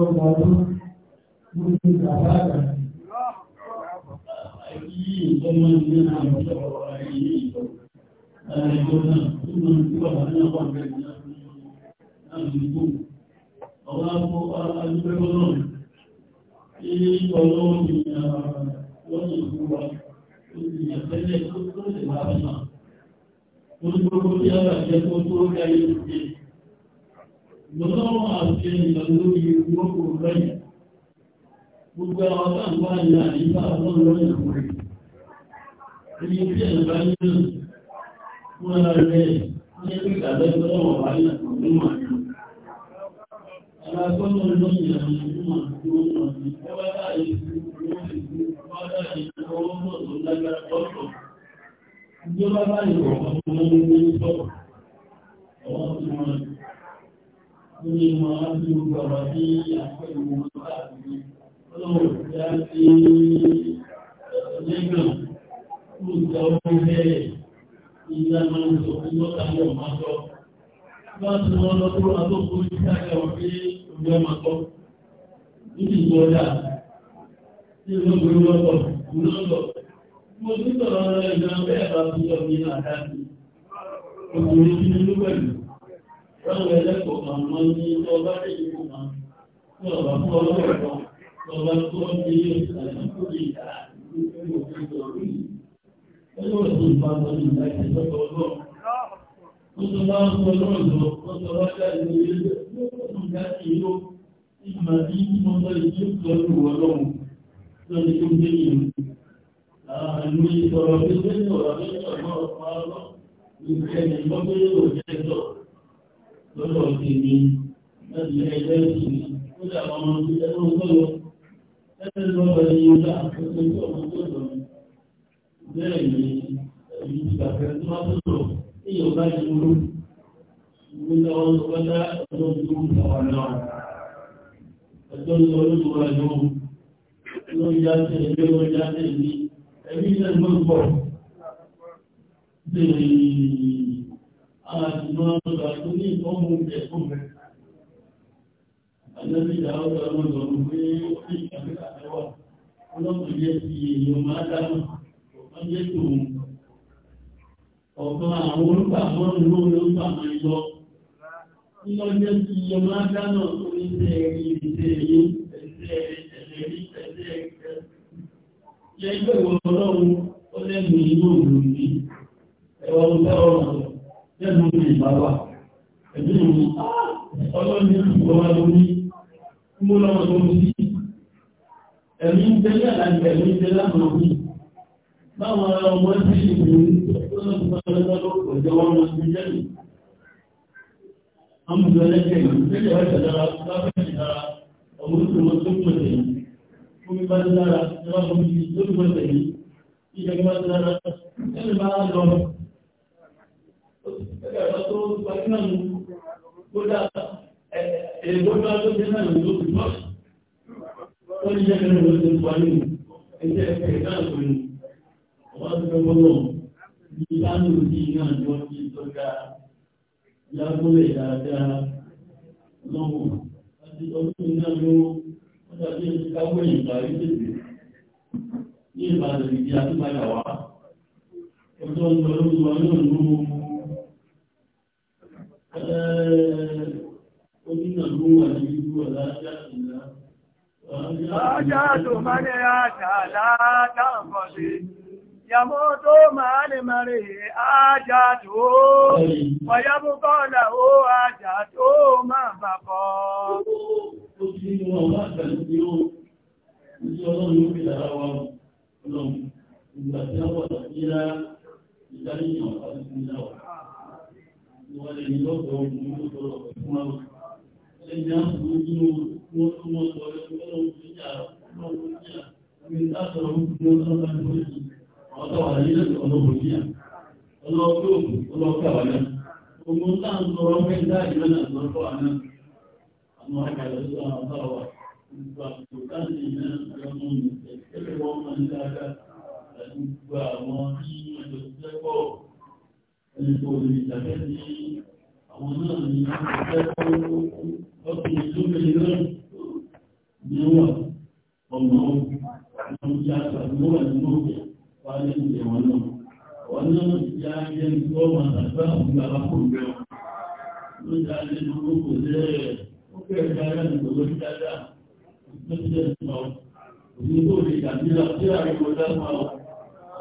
ọdún ní ìlú bàbá àgbà. Àyíyí ìjọba ní àwọn ọ̀rọ̀ ayé ìjọba ẹ̀ẹ́dọ́ gbogbo tí a bàjẹ́ tó àwọn táwọn wà ní tí ẹ̀nà bá ní múra rẹ̀ ní pé ìgbàgbẹ́ tó lọ́wọ́ wà ní àpò mímọ̀ ní. Ẹ̀rọ agbọ́nà lóyìn àwọn ìgbìmọ̀ tí wọ́n mọ̀ ní ọwọ́ láàyè sí wọ́n sì sí wọ́n láàyè ọwọ́ mọ̀ tó lágbára tọ́tọ̀. Ìjọba láàyè wọ̀ ọmọ ní ní sọ̀rọ̀. Ọwọ́ ti mọ̀ ní ní mọ̀ á fi gbogbo ọ̀rọ̀ sí àpò ìwọ̀n láàbí. Ọlọ́run ti á sí ẹgbẹ̀rún. Ó ń sọ ọmọ bẹ́ẹ̀ ìyá máa ń sọ ọmọ àjọ. Bá ti wọ́n lọ tó àtọ́kù ní káàkiri wọn pé omi ọmọ àjọ. Níbi ìwọ ọjà, tí ó gbé lọ́pọ̀, lọ́pọ̀. Mo ti sọ̀rọ̀ ọ̀rọ̀ ìjọ bẹ́ẹ̀ bá fi yọ ní àdáàbí. Obìnrin ti ní pẹ̀lú. Báwo ẹlẹ́kọ̀ọ́ kan wọ́n ní ọba ẹ̀yìnkù kan. Ní ọ̀bà fún ọlọ́rọ̀ kan, ọba tó ń gbé ilé ìtàlẹ́ pẹ̀lú òṣèlú ìpàdánù láti sọ́tọ̀ ọlọ́run. Ó sọ máa ń sọ lọ́rùn lọ, ó sọ wájá ìlú ilé lọ́pọ̀ láti ìlú ìgbà tí mo sọ ìjú pẹ̀lú ọlọ́run lọ́dún tó ń gbé ìlú. Àwọn ìsọ̀rọ̀ tó gbé sọ̀rọ̀ tó sọ̀rọ̀ máa lọ, ìgbẹ́ni lọ́pẹ́ yóò jẹ́ sọ lọ́dọ̀ tèmi láti ẹgbẹ́ ìsìn. Ó dà àwọn ọmọ ìjẹ́ tó ń sọ̀rọ̀. Ẹ bẹ́ẹ̀ ni èyí ti gbàgbẹ́ tó máa tó lò ní yorùbá ìṣòro nígbà wọn ló kọjá ọjọ́ ìṣòro àwọn náà ẹjọ́ ní olóògbé ẹjọ́ ló ń já sí ẹgbẹ́ ló ń já sí ẹbí ẹbí náà ló ń bọ̀ ní ìfọ́mù ẹ̀fọ́ rẹ̀ alẹ́bíjà pé ó ní ìgbàgbé àtẹwà ọlọ́pàá yẹ ti èèyàn máa dáná ọjọ́ tòun ọ̀kan àwọn olùgbàgbọ́ nínú olùgbà máa ń lọ ní ọjọ́ tí ọmọ adáná tó ní tẹ̀rí ìtẹ̀rí ẹ̀tẹ̀rí ẹ̀tẹ̀rí ẹ̀tẹ̀rí lẹ́gbẹ̀ ọlọ́run ó lẹ́nu inú òun ní ẹwà ọgbẹ́ ọ̀rọ̀ lẹ́nu ìbáwà ẹ̀bí ọlọ́run ní ìgbọ́wà lórí mú lọ́wọ́ lórí ẹ̀mí ń tẹ́lẹ̀ àti ẹ̀mí ń tẹ́lẹ̀ àmọ́ báwọn ọmọ sí ìgbìyànjú tó lọ́pọ̀ lọ́pọ̀ ìjọba wọn sí jẹ́lì àmùsọ ẹlẹ́gbẹ̀ẹ́ ìgbẹ́jẹ̀ wáyé dára lábẹ́jì dára ọmọ ìgbìmọ̀ tó pẹ̀lẹ̀ fún mi bá dára ìjọba fún mi tó pẹ̀lẹ̀ yìí ìjọba dára ẹni bá lọ ẹgbẹ̀rún tó gbajúmọ̀ ní kódà ẹ̀ẹ́dọ́gbà tó jẹ́ náà ló ti gbọ́dọ̀ ní kánú ní náà ni ti tó ga dáadáa lọ́wọ́ àti ọdún náà ló wọ́n dàbí ẹni káwọ́ ìgbà rí tètè ní ìbàdàn ìdí àtúpadà wá ọjọ́ ìgbà ló wà náà ló onínà ló wà ní ìlú ọ̀làjà ìlà. Ọjọ́ àtòmọ́lẹ́ àtàlá táwọn kan lè. يموت مع المرء حاجته ويبقى له حاجته ما بقى Thank you ọ̀dọ́ àyílẹ̀ ọlọ́bòdìyà ọlọ́gbòògùn ọlọ́kàwàlá ogun tá ń sọ ọmọ ẹ̀dá ìlànà àtọ́kọ́ àná àwọn àgbàlẹ̀ tó àwọn àbáwà nípa àtòkáàlì náà lọ́mọ ìṣẹ̀lẹ̀ wọn máa ń dáadáa àti gbogbo àwọn tí wọ́n jọ sẹ́kọ̀ ẹni tó lè dàbẹ́ ní àwọn náà ní sẹ́kọ̀ ọkùnrin tó bẹ̀rẹ̀ náà ní wà ọmọ ọmọ ìjà àgbà ló wà nínú ọ̀gbẹ̀ wálé ìjẹ wọn náà wọn náà já jẹ́ gbọ́ wọn àgbà òun bàbá kò gbẹ wọn ló já jẹ́ gbogbo kò lẹ́ ó kẹ́ ẹ̀ka rẹ̀ nìkan lórí dáadáa tó ti jẹ́ sọ òní tó lè dàbí lọ sí àríwọ̀ dáhùn àwọn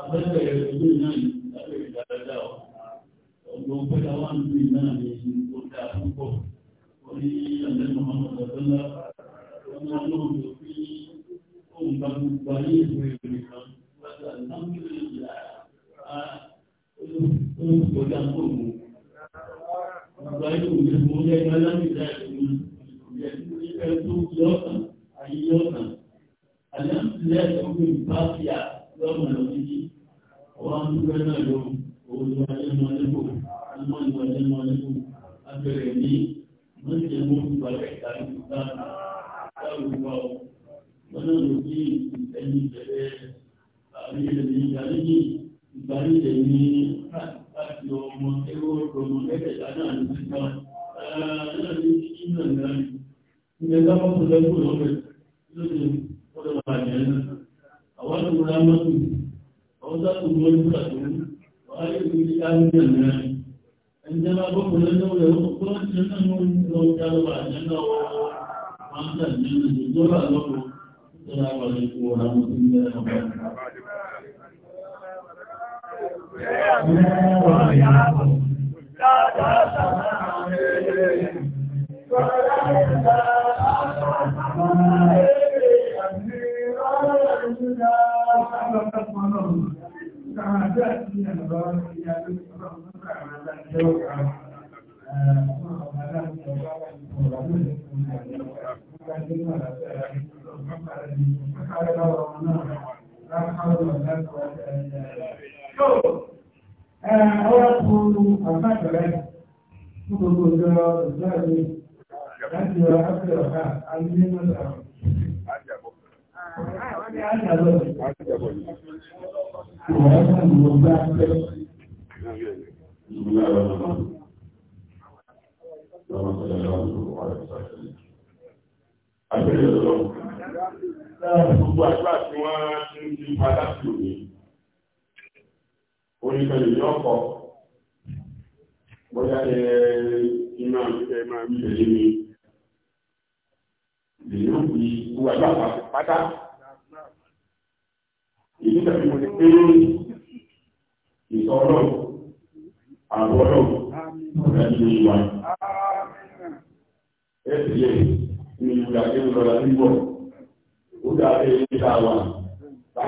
abẹ́rẹ́ rẹ̀ tó lè náà lábẹ́ ìdáadáa ọgbọ̀n pẹ́ta wà ń bí náà ní ó dá púpọ̀ orí àlẹ́mọ̀ ọmọdé lọ́lá wọn náà lóòrùn fi ohun bá ayé ìwé ìrìnkan Ọlọ́run ló fi náà ló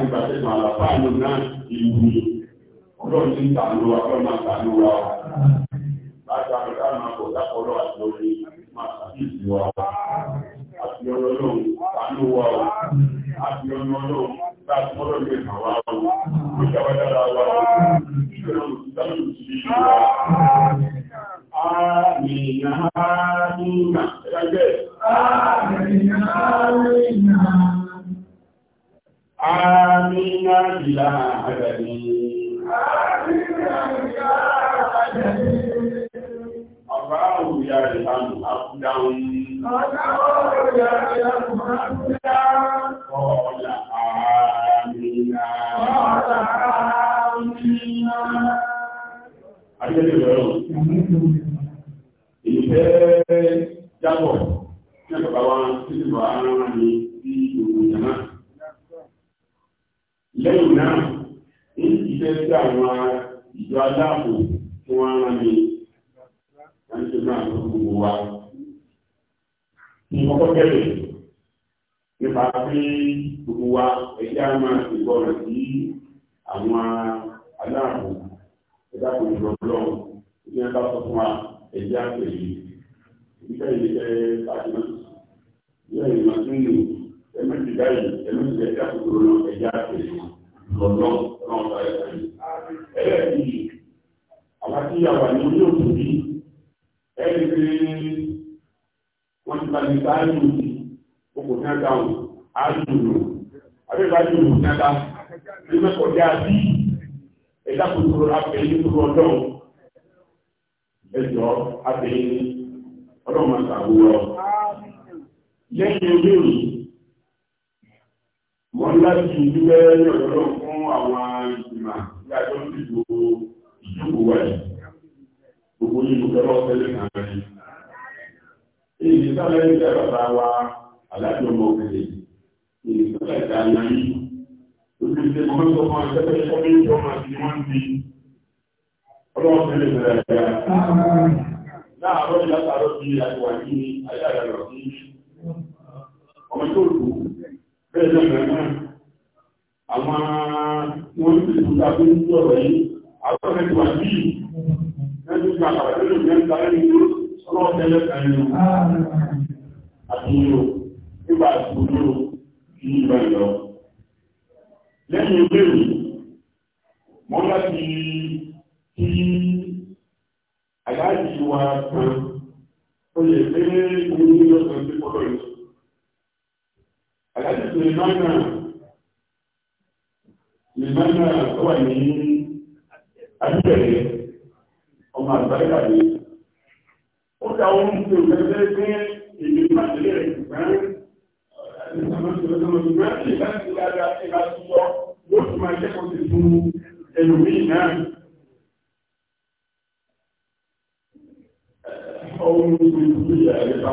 ìgbàtẹ́gbà àlàfáàlù náà ìwúlò ọlọ́run ti ń tàánú wa ọlọ́run máa tàánú wa bàtà àgbà máa bọ̀ dákọ̀ọ́lọ́ àti orí máa tàbí ìlú wa àti ọlọ́run tàánú wa àti ọlọ́run láti mọ́lọ́ ilé ìkàwà wa ó jáwé dára wa ìgbẹ̀rún ìdájọ́ ìṣẹ́ wa. Àmì ìyá àmì ìgbà ẹgbẹ́ إلى أبد الله يعلم أقدم الله يعلم أقدم قال آمين قال آمين أجل الغرور ìfẹ́ jábọ̀ ní ọ̀pàá wa títí wà á rán ní náà ní ìṣiṣẹ́ sí àwọn ìjọ aláàbò tí wọ́n rán mi wọ́n ti máa tó gbogbo wa. ìkọ́kọ́ bẹ̀rẹ̀ nípa pé gbogbo wa ẹ̀jẹ̀ á máa ṣègbọràn sí àwọn aláàbò ẹ̀dá kò ní lọ́wọ́ ìdí ẹ̀dá sọ fún wa ẹ̀jẹ̀ á pẹ̀lú ìdíkẹ́ ìdíkẹ́ pàṣẹ yóò yìí máa tún lò ẹ̀mẹ́tì báyìí ẹ̀mẹ́tì ẹ̀dá kòkòrò náà ẹ̀jẹ̀ á wọn lọ́nà ọ̀nà ẹ̀sìn. ẹlẹ́ẹ̀kejì àwọn tí a wà ní orí òkú bí ẹni pé wọ́n ti bá ní sáájú òkú ní àdáhùn ájúlò abẹ́bàájú òkú ní àdáhùn ní mẹ́kọ̀ọ́dá bí ẹ̀dá kòtò abẹ́yìn tó ọdọ́run ẹjọ́ abẹ́yìn ọlọ́run àtàwọn lẹ́yìn olóòrùn wọ́n láti ìdílé ọ̀rọ̀ fún àwọn ìgbìmọ̀ tí a jọ ń dìbò ìjókòó wáyé gbogbo nínú kẹfọ́ tẹ́lẹ̀ náà rẹ̀. èyí sálẹ̀ ń jẹ́ bàbá wa aláàjọ ọmọ òkèlè èyí sálẹ̀ ìta ayé lórí ìṣe mọ́ sọ fún akẹ́kẹ́ ẹ̀kọ́ ní ìjọ máa ti wọ́n ti ọlọ́run tẹ́lẹ̀ bẹ̀rẹ̀ ẹ̀yà. láàárọ̀ ìyá sàrọ̀ bíi àjọwà ní ọmọ tó bẹ́ẹ̀ náà rẹ̀ náà àwọn wọn ti tó ta tó ń tó ọ̀rọ̀ yìí àwọn ọ̀rẹ́ ti wà bí ẹjọ́ ti àpàdé lórí ìgbẹ́ ń darí ní ọlọ́wọ́ tẹ́lẹ̀ kan nínú àdúgbò nígbà àdúgbò kì í bá lọ. lẹ́yìn ìbéèrè wọ́n láti kí àyájú wa kan ó lè pé orí ọ̀sán tí kọ́lọ̀ yìí aláàjì tó lè máa náà lè máa náà tó wà ní àdúgbẹ̀rẹ̀ ọmọ àgbáyà rẹ̀ ó dá ohun tí ó gẹ́gẹ́ pé èdè pàtẹ́lẹ̀ rẹ̀ ṣùgbọ́n ṣùgbọ́n ṣùgbọ́n ṣùgbọ́n Ọ̀run ìgbìyànjú ìyàrá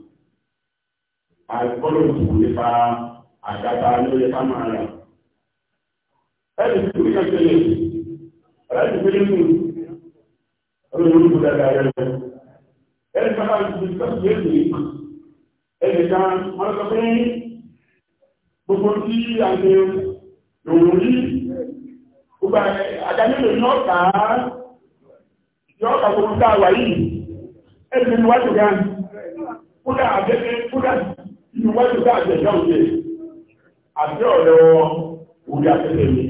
àgbọ́dọ̀ tó nípa àgbàgbà lórí ká máa rà. Ẹni tí kò yẹ kele, ọ̀rẹ́dì pé nínú olórí olùkọ́ dáadáa rẹ̀. Ẹni tí wọ́n ti sọ sí èdè ẹni ká wọ́n sọ pé gbogbo tí a ní lòun rí gbogbo àdáyébè ní ọ̀tá yọ̀ọ̀ta gbogbo tá a wà yìí. Ẹni tí wọ́n ti gan, kúdà àgbẹ̀kẹ́ kúdà tí wọ́n ti bá àjẹ̀jọ́ ń ṣe àti ọ̀rẹ́ wọn orí afẹ́fẹ́ mi.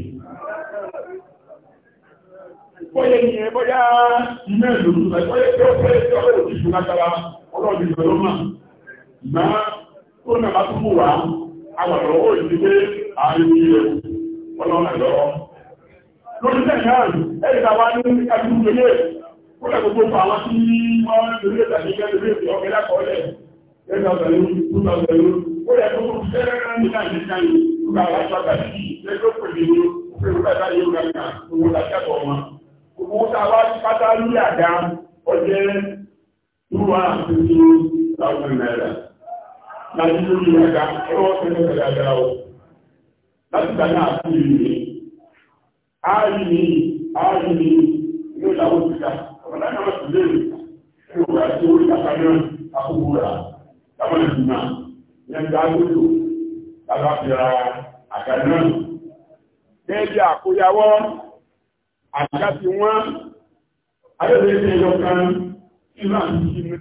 Bọ́yẹ ni ẹ bọ́yá iná ìlú bọ́yẹ tí ó fẹ́ tí ọ̀rẹ́ òjì fún látara ọlọ́ọ̀dì ìgbẹ̀rún mà. Ìgbà tó nà bá túnmù wá, àwàrọ̀ ó ìdí pé àárín ní ẹ̀ ọlọ́run ẹ̀lọ́. Lórí bẹ́ẹ̀ náà, ẹ̀rì tàwa ní kájú gbélé, ó lẹ́ gbogbo àwọn tí wọ́n ń lè tàbí kẹ́lẹ́ ẹgbẹ́ ọ̀sẹ̀ yóò fi kúta ọ̀sẹ̀ yóò ó yẹ kó kó fẹ́rẹ́ rán ní láti kan yìí nígbà wá sọ àgbà sí ẹgbẹ́ òpèlè yóò òpèlè bàbá yóò rà kà owó làkẹ́kọ̀ọ́ wọn. owó tá a wá pátá ní àga ọjẹ́ ìwà àtúntò láwọn náírà láti lórí àga ẹwọ́ fẹ́rẹ́ fẹ́rẹ́ àga ọ láti gbà náà sí ìlú yìí. ààyè ni ààyè ni yóò làwọn ti ta ọ̀rọ̀ náà náà ti lé ìwà àti orí kàkà náà àkókò rà táwọn ìgbìmọ̀ yẹn gbá gbódò lábá fi ra àga náà gẹ́gẹ́ bí àkóyawọ́ àga ti wọ́n ayọ́lẹ̀ ní ẹyọ kan nínú àti ìsinmi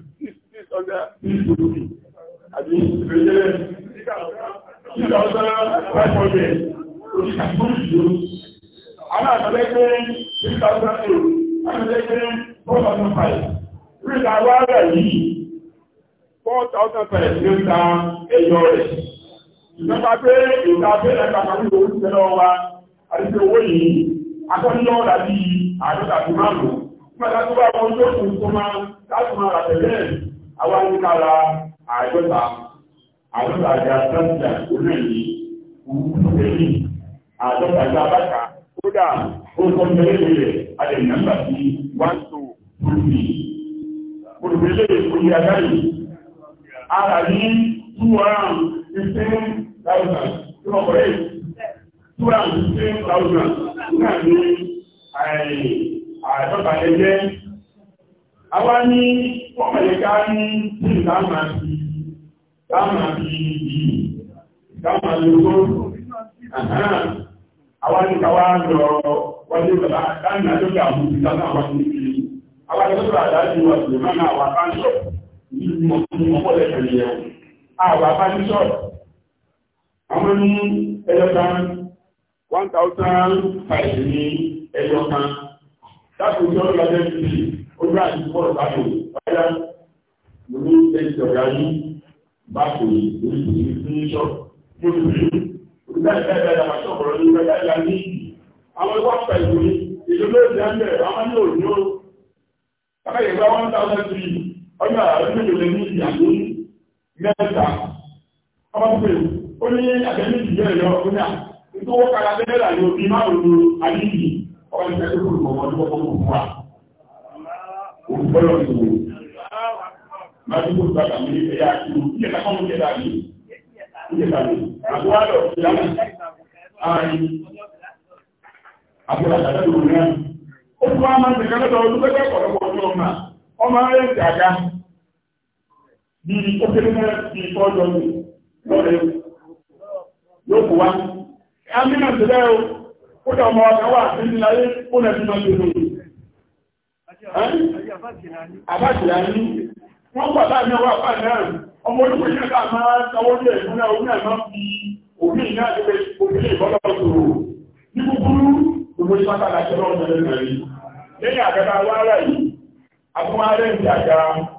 six hundred six fifty àti ìrẹ̀lẹ̀ six thousand five hundred oníkàtúndínlò àwọn àtàlẹ́gbẹ́ six thousand eight àtàlẹ́gbẹ́ four thousand five rí ìdáwọ́ rẹ̀ yìí 4,000 pẹ̀lẹ̀ ní ìta ẹ̀yọ rẹ̀. Ìjọba pé ìta pé ẹ̀ka kan ní orí tẹ́lọ wa, àti owó yìí, akọ́nìyàn ọ̀dà bí àádọ́ta bí márùn-ún. Mọ́ta tó bá wọn tó kù tó máa láti máa rà tẹ̀lẹ̀ àwọn àyíkára àádọ́ta. Àádọ́ta àti àtàkìyà orí yìí, òun tó tẹ̀lé àádọ́ta àti àbáka. Kódà, ó sọ mẹ́rin rẹ̀, a lè nàgbà sí 1 to 2 3. Olùgbélé ìfòyí adáyìí ara ní 215,000 tí wọ́n kọ̀rẹ́ 215,000 nígbà ní àìjọba ẹgbẹ́ awá ní pọ́pẹ̀lẹ́ká ní tí ìdámà ti dámà ti yìí dámà ti ó awá lọ wọ́dé bàbá dámà tó gbà mú ìlú ọ̀pọ̀lẹ̀ pẹ̀lú ẹ̀wọ̀. Àwọn àbá ní sọ̀rọ̀, àwọn ní ẹyọta 1,005 ní ẹyọta. Dákùn tí ó lọ jẹ́ ti orí àti bọ́ọ̀lù báyò ọ̀yá lórí ẹ̀sì ọ̀gá ní bákò oríṣiríṣi fún iṣọ́. Mo ti rí olùdáyẹ̀dá ìdájà pàṣẹ ọ̀pọ̀lọ́ ní ìgbẹ́jà ìlà ní ìlú. Àwọn ẹgbẹ́ ọ̀pẹ̀ ìwé ìlú lóòjì á ń bẹ̀rẹ̀ àwọn ní òjò. Bákan ìgbà 1,003 ọjà ìgbèlè ní ìyàwó mẹ́ta ọmọdé ó ní àtẹ́lẹ́ ìjìyà ẹ̀yọ ọ̀gbọ́nà tó wọ́n kára bẹ́ẹ̀rẹ̀ àyè òbí márùn-ún àdíjì ọmọdé tẹ́lẹ̀ kò mọ̀ ọdún ọmọ òkú wa òkúbọ́lọ̀ ìwò májúkò gbàgbà mi ẹ̀yà àti ń tẹ̀kẹ́ lọ́dọ̀ ọdún ọmọ ọmọ rẹ̀ ń tàgá bí ó kéré náà bí fọ́jọ́ ní yóò na ti o, dà ọmọ wà sí nà náà wọ́n bá ọmọ olùkọ́ iṣẹ́ ká máa sanwó ní ẹ̀sùn náà, òun náà máa fi òbí sòrò. Ní kúkúrú, gbogbo iṣẹ́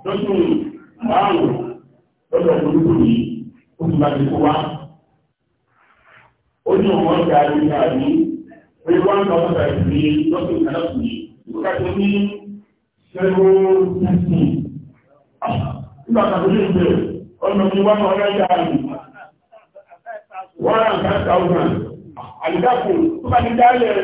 lẹ́yìn márùn lọ́dọ̀ burúkú yìí ó ti máa ti kó wá. ó ní ọmọ ọjà ní àbí pé one thousand and three lọ́sùn ìkàlọ́sùn yìí ìgbà tó ní ṣẹ́wó sẹ́sìn. Ah, nígbà tó ah, ní ìgbè ọ̀nà àdìdàpọ̀ tó bá dálẹ̀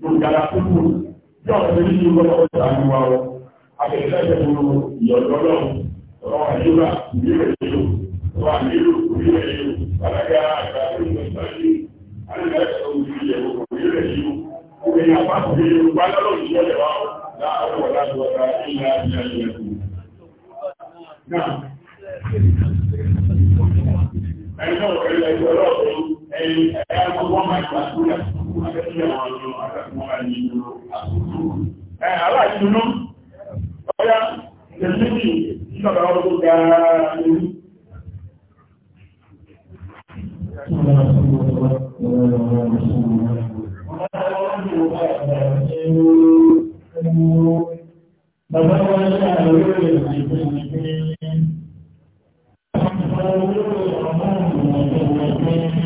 gbòǹgàlà kúkú yóò fẹ́ ní ìlú ọlọ́wọ́ ìsàlùwà ọ ọ̀rọ̀ àdúrà ìbílẹ̀ èlò ọ̀rọ̀ àdúrà ìbílẹ̀ Aláàjúnú, ọya, ìrìnlẹ́bì ìjọba ọdún gara ìlú. Bàbá wọn ní àwọn orílẹ̀-èdè ìgbẹ̀rẹ̀ ìgbẹ̀rẹ̀